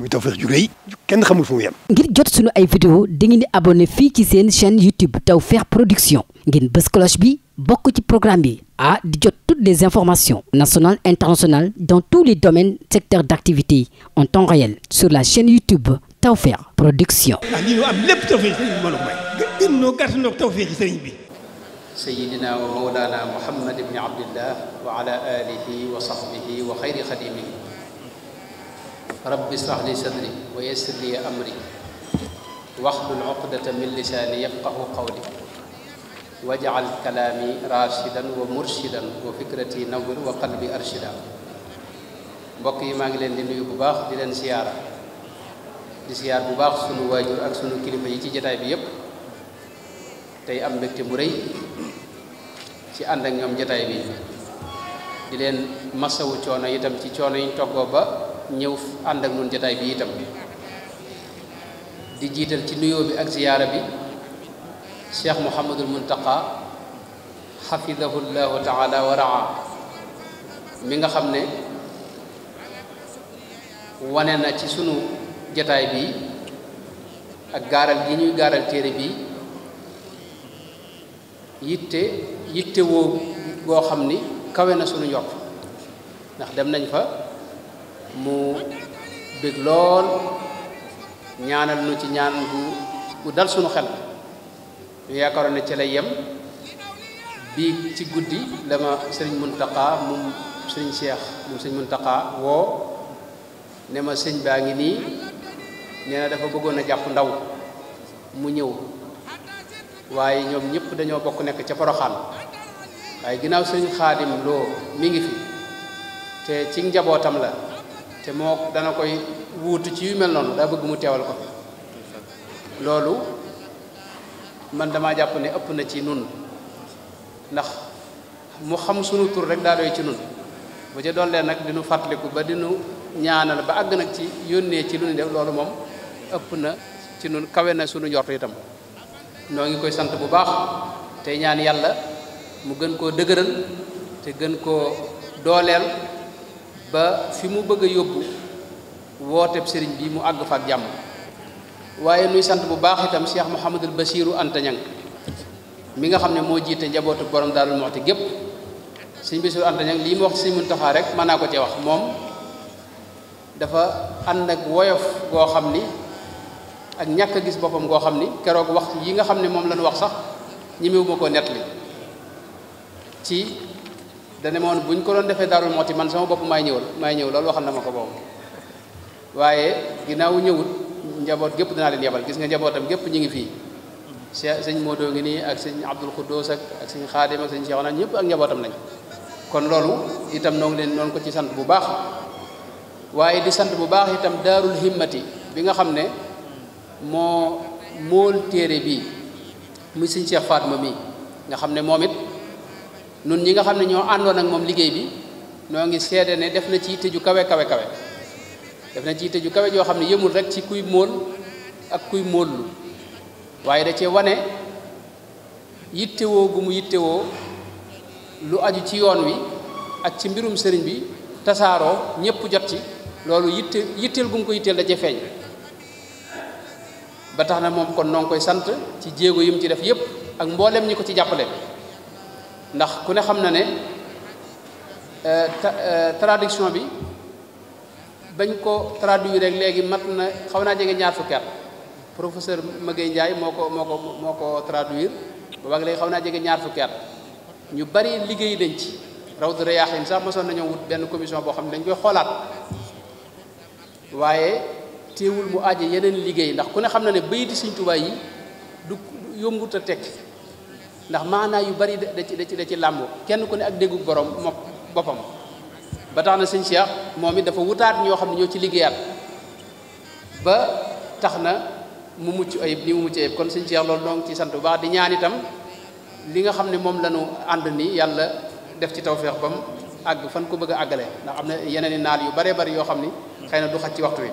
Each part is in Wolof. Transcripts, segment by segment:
muy Tawfekh ju kenn xamul fu mu ngir jot sunu ay vidéo dangeen di abonné fii ci seen chaîne YouTube Tawfekh Production ngeen bës cloche bi bokk ci programme bi a di jot toutes les informations nationales internationales dans tous les domaines secteurs d'activité en temps réel sur la chaîne YouTube Tawfekh Production. ah lii ñu am lépp Tawfekh sëriñ bi mbooloo mooy. gën gën ñoo gàtt ñoo Tawfekh sëriñ bi. rabbi ishrah li sadri wa yassir li amri waxlul uqdata min lisaani yafqahu qawli waj'al kalaami rashidan wa murshidan wa fikrati nawwir wa qalbi arshida mbokk yi maa ngi leen di nuyu bu baax di leen siyaara di siyaar bu baax sunu waajur ak sunu kilifa yi ci jataay bi yépp tey am mbégte bu rëy ci ànd ak ñoom jataay bi di leen masawu coono itam ci coono yi ñu toggoo ba ñëw ànd ak nun jataay bi itam di jiital ci nuyoo bi ak ziyaara bi cheikh Mouhamadul Muntaqa xafidahu llahu taala wa raa mi nga xam ne wane na ci sunu jataay bi ak gaaral gi ñuy gaaral téere bi yitte yitte woo goo xam ni kawe na sunu njort ndax dem nañ fa mu bég lool ñaanal nu ci ñaan gu gu dal suñu xel ñu yaakaaroon ne ci lay yem bii ci guddi la ma sëriñ taqaa moom sëriñ Cheikh mun sëriñ Muntaqa woo ne ma sëñ baa ngi nii nee na dafa bëggoon a jàpp ndaw mu ñëw waaye ñoom ñëpp dañoo bokk nekk ca Poroxaan waaye ginnaaw sëriñ Xaadim loo mi ngi fi te ci njabootam la te moo dana koy wuutu ci yu mel noonu daa bëgg mu teewal ko loolu man dama jàpp ni ëpp na ci nun ndax mu xam sunu tur rek daa doy ci nun bu ca dollee nag dinu fàttaliku ba dinu ñaanal ba àgg nag ci yónnee ci lu ñu def loolu moom ëpp na ci nun kawe na sunu njort itam noo ngi koy sant bu baax tey ñaan yàlla mu gën koo dëgëral te gën koo dooleel ba fi mu bëgg a yóbbu wooteb sëriñ bi mu àgg fa jàmm waaye nuy sant bu baax itam Cheikh Mouhamadul Basiru Anta Ñang mi nga xam ne moo jiite njabootu borom Daaru Muxti gépp sëriñ Basiru Anta lii mu wax sëriñ Muntaxa rek mën naa ko cee wax moom dafa ànd ak woyof goo xam ni ak ñàkk a gis boppam goo xam ni keroog wax yi nga xam ne moom lañu wax sax ñi mewu ma koo ci dane moon bu ñu ko doon defee daarul mooti man sama bopp maay ñëwal maay ñëw loolu waxal na ma ko boobu waaye ginnaaw ñëwut njaboot gépp dinaa leen yebal gis nga njabootam gépp ñu ngi fii sëñ Modou ngi nii ak sëñ Abdul Xuddoos ak ak sëñ Xaadim ak sëñ nañ ñëpp ak njabootam nañ kon loolu itam noo ngi leen noonu ko ci sant bu baax waaye di sant bu baax itam daarul himmati bi nga xam ne moo mool téere bi mu sëñ Cheikh Fatma nga xam ne moom it nun ñi nga xam ne ñoo àndoon ak moom liggéey bi noo ngi seede ne def na ci yitte ju kawe kawe kawe def na ci yitte ju kawe joo xam ne yëmul rek ci kuy móol ak kuy móollu waaye da cee wane yittewoo gu mu yittewoo lu aju ci yoon wi ak ci mbirum sëriñ bi tasaaroo ñëpp jot ci loolu yitte yitteel gu mu ko yitteel da cee feeñ ba tax na moom kon noo koy sant ci jéego yi mu ci def yépp ak mboolem ñi ko ci jàppale ndax ku ne xam na ne euh, euh, traduction bi bañ ko traduire rek léegi mat na xaw naa jege ñaar fukki at professeur Maguette Ndiaye moo ko moo ko moo ko traduire boobaag léegi xaw naa jege ñaar fukki ñu bari liggéey dañ ci rawdu rayaaxiin sax mosoon nañoo wut benn commission boo xam ne dañ koy xoolaat waaye téewul mu aaje yeneen liggéey ndax ku ne xam na ne bayiti Sëñ Tuubaa yi du yombut a tekki ndax maanaay yu bari da ci da ci da ci làmb kenn ku ne ak déggu borom moom boppam ba tax na sëñ moom it dafa wutaat ñoo xam ne ñoo ci liggéeyaat ba tax na mu mucc ay ni mu mucc ayib kon sëñ Cheikh loolu donc ci sant bu baax di ñaan itam li nga xam ne moom la ànd nii yàlla def ci tawféex bam àgg fan ko bëgg a àggale ndax am na yeneen i naal yu baree bari yoo xam ni xëy na du xaj ci waxtu wi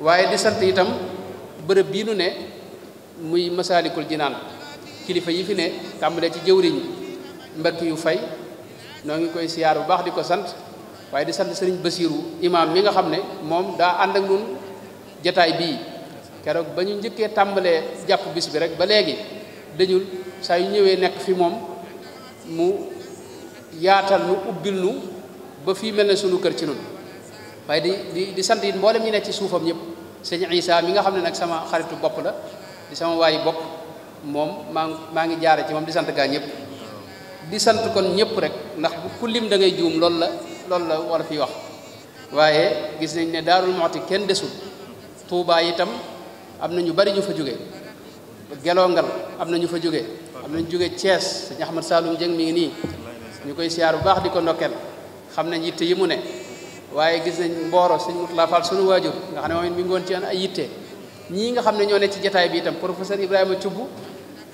waaye di sant itam bërëb bii nu ne muy masaalikul jinaan kilifa yi fi ne tàmbalee ci jëwriñ mbakki yu fay noo ngi koy siyaar bu baax di ko sant waaye di sant sëriñ Basiiru imaam mi nga xam ne moom daa ànd ak nun jataay bii keroog ba ñu njëkkee tàmbalee jàpp bis bi rek ba léegi dañul saa yu ñëwee nekk fi moom mu yaatal nu ubbil nu ba fii mel na sunu kër ci nun waaye di di di sant it mboolem ñi nekk ci suufam ñëpp sëñ Isa mi nga xam ne nag sama xaritu bopp la di sama waayu bopp moom maa maa ngi jaare ci moom di sant gaa ñëpp di sant kon ñëpp rek ndax ku lim da ngay juum lool la loolu la war a fi wax waaye gis nañ ne Daarul Muxti kenn desul Tuubaa itam am na ñu bari ñu fa jóge Gelongal am na ñu fa jóge am na ñu jóge Thiès sëñ Ahmad Saloum Dieng mi ngi nii ñu koy siyaar bu baax di ko ndokkeel xam nañ yitte yi mu ne waaye gis nañ mbooro sëñ Mutla Fall sunu waajur nga xam ne moom mi ngi woon ci an ay yitte ñii nga xam ne ñoo ne ci jataay bi itam professeur Ibrahima Thioub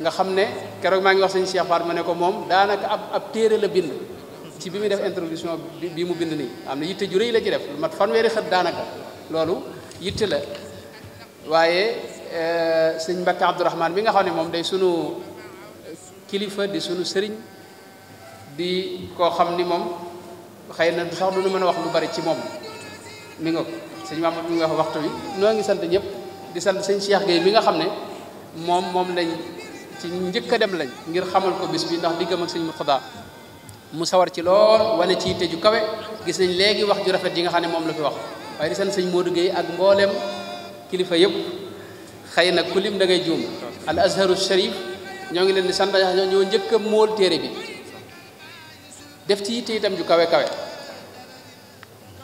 nga xam ne keroog maa ngi wax sañ Cheikh Faat ma ne ko moom daanaka ab ab téere la bind ci bi muy def introduction bi mu bind nii am na yitte ju rëy la ci def lu mat fanweeri xët daanaka loolu yitte la waaye eh, sëñ Mbacke Abdourahman bi nga xam ne moom day sunu kilifa di sunu sëriñ di koo xam ni moom xëy na sax du nu mën a wax lu bari ci moom mi nga wax waxtu wi noo ngi sant ñëpp di sant sëñ Cheikh Gueye mi nga xam ne moom moom lañ ci ñu njëkk a dem lañ ngir xamal ko bis bi ndax diggam ak sëñ Murtada mu sawar ci lool wane ci yitte ju kawe gis nañ léegi wax ju rafet yi nga xam ne moom la fi wax waaye di sant sëñ Modou Gueye ak mboolem kilifa yëpp xëy na ku lim dangay ngay juum al azharu sharif ñoo ngi leen di sant ñoo njëkk a móol téere bi def ci yitte itam ju kawe kawe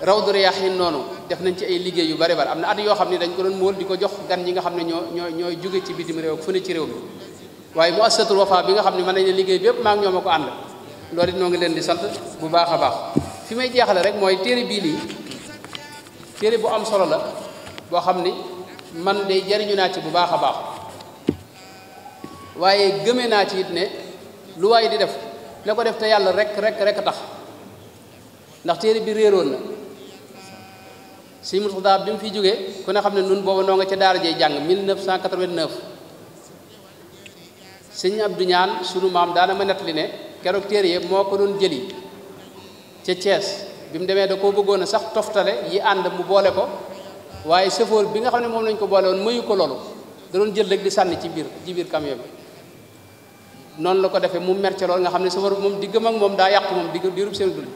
rawdu riyaahin noonu def nañ ci ay liggéey yu bare bare am na at yoo xam ne dañ ko doon móol di ko jox gan ñi nga xam ne ñoo ñoo ñooy jóge ci bitim réew fu ne réew mi waaye mu assatul wafa bi nga xam ne mën nañu liggéey bépp maa ngi ñoom a ko ànd lool it noo ngi leen di sant bu baax a baax fi may jeexale rek mooy téere bii nii téere bu am solo la boo xam ni man de jariñu naa ci bu baax a baax waaye gëme naa ci it ne lu waay di def na ko def te yàlla rek rek rek tax ndax téere bi réeroon na si Moustapha bi mu fi jógee ku ne xam ne nun boobu noo nga ca daara jey jàng 1989 sëñ Abdou Ñaan sunu maam daana ma nettali ne keroog téere yëpp moo ko doon jëli ca Thiès bi mu demee da koo bëggoon a sax toftale yi ànd mu boole ko waaye chauffeur bi nga xam ne moom lañ ko boole woon mayu ko loolu da doon jël sànni ci biir ci biir camion bi noonu la ko defee mu mer ca nga xam ne chauffeur moom diggam ak moom daa yàqu moom digg diirub seen dund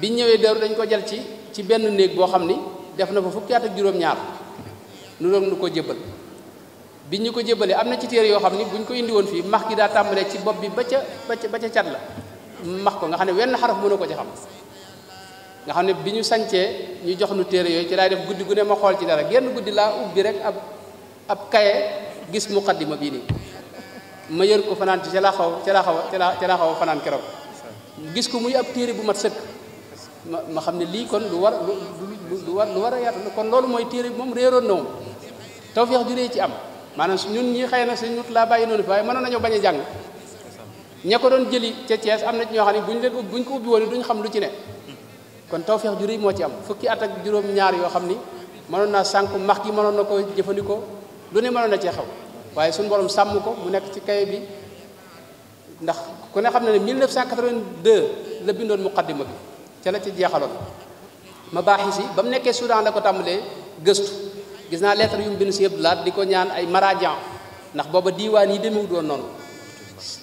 biñ ñëwee Daaru dañ ko jal ci ci benn néeg boo xam ni def na fa fukki at ak juróom-ñaar nu doon nu ko jébbal bi ñu ko jébbalee am na ci téere yoo xam ni bu ñu ko indi woon fii max gi daa tàmbalee ci bopp bi ba ca ba ca ba ca cat la max ko nga xam ne wenn xaraf mënu ko ci xam nga xam ne bi ñu sancee ñu jox nu téere yooyu ci laay def guddi gu ma xool ci dara genn guddi laa ubbi rek ab ab kaye gis muqaddima bii nii ma yër ko fanaan laa xaw ca xaw ca laa xaw fanaan keroog gis ko muy ab téere bu mat sëkk ma ma xam ne lii kon lu war lu lu war lu war a yaatu kon loolu mooy téere moom réeroon na moom tawfeex ju rëy ci am maanaam ñun ñi xëy na sëñ mut laa bàyyi noonu fi waaye mënoon nañoo bañ a jàng ña ko doon jëli ca Thiès am na ci ñoo xam ne bu ñu buñ bu buñ ko ubbi woon ñu xam lu ci ne kon tawfeex ju rëy moo ci am fukki at ak juróom ñaar yoo xam ni mënoon naa sànq max gi mënoon na ko jëfandikoo lu ne mënoon na cee xaw waaye suñu borom sàmm ko bu nekk ci kaye bi ndax ko ne xam ne ne 1982 la bindoon muqaddima bi ca la ci jeexaloon ma baaxi si ba mu nekkee Soudan la ko tàmbalee gëstu gis naa lettre yu mu bind si Abdou Lahad di ko ñaan ay marajan ndax booba diwaan yi demewut woon noonu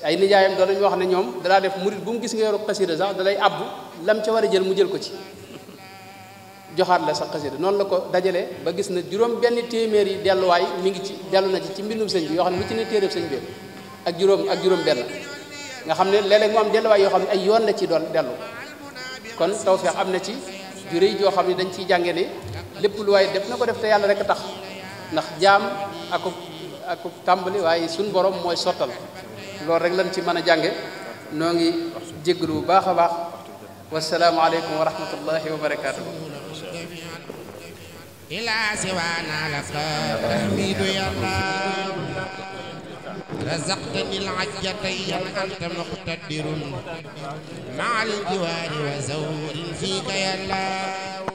ay nijaayam doon nañu wax ne ñoom dalaa def murit bu mu gis nga yoru xasida sax dalay àbb lam ca war a jël mu jël ko ci joxaat la sa noonu la ko dajale ba gis na juróom benn téeméer yi delluwaay mi ngi ci dellu na ci ci mbindum sëñ bi yoo xam ne lu ci ne téeréb sëñ bi ak juróom ak juróom benn nga xam ne léeg-léeg mu am delluwaay yoo xam ne ay yoon la ci doon dellu kon tawfeex am na ci juré joo xam ne dañ ciy jànge ne lépp lu waaye def na ko def te yàlla rek a tax ndax jaam aku aku tàmbali waaye suñ borom mooy sottal loolu rek lañ ci mën a jànge noo ngi jéggalu bu baax a baax wasalaamualeykum wa rahmatullahi wa barakatuhu إلى سوانا لك تحميد يا الله رزقتني العجتين أنت مقتدر مع الجوار وزور فيك يا الله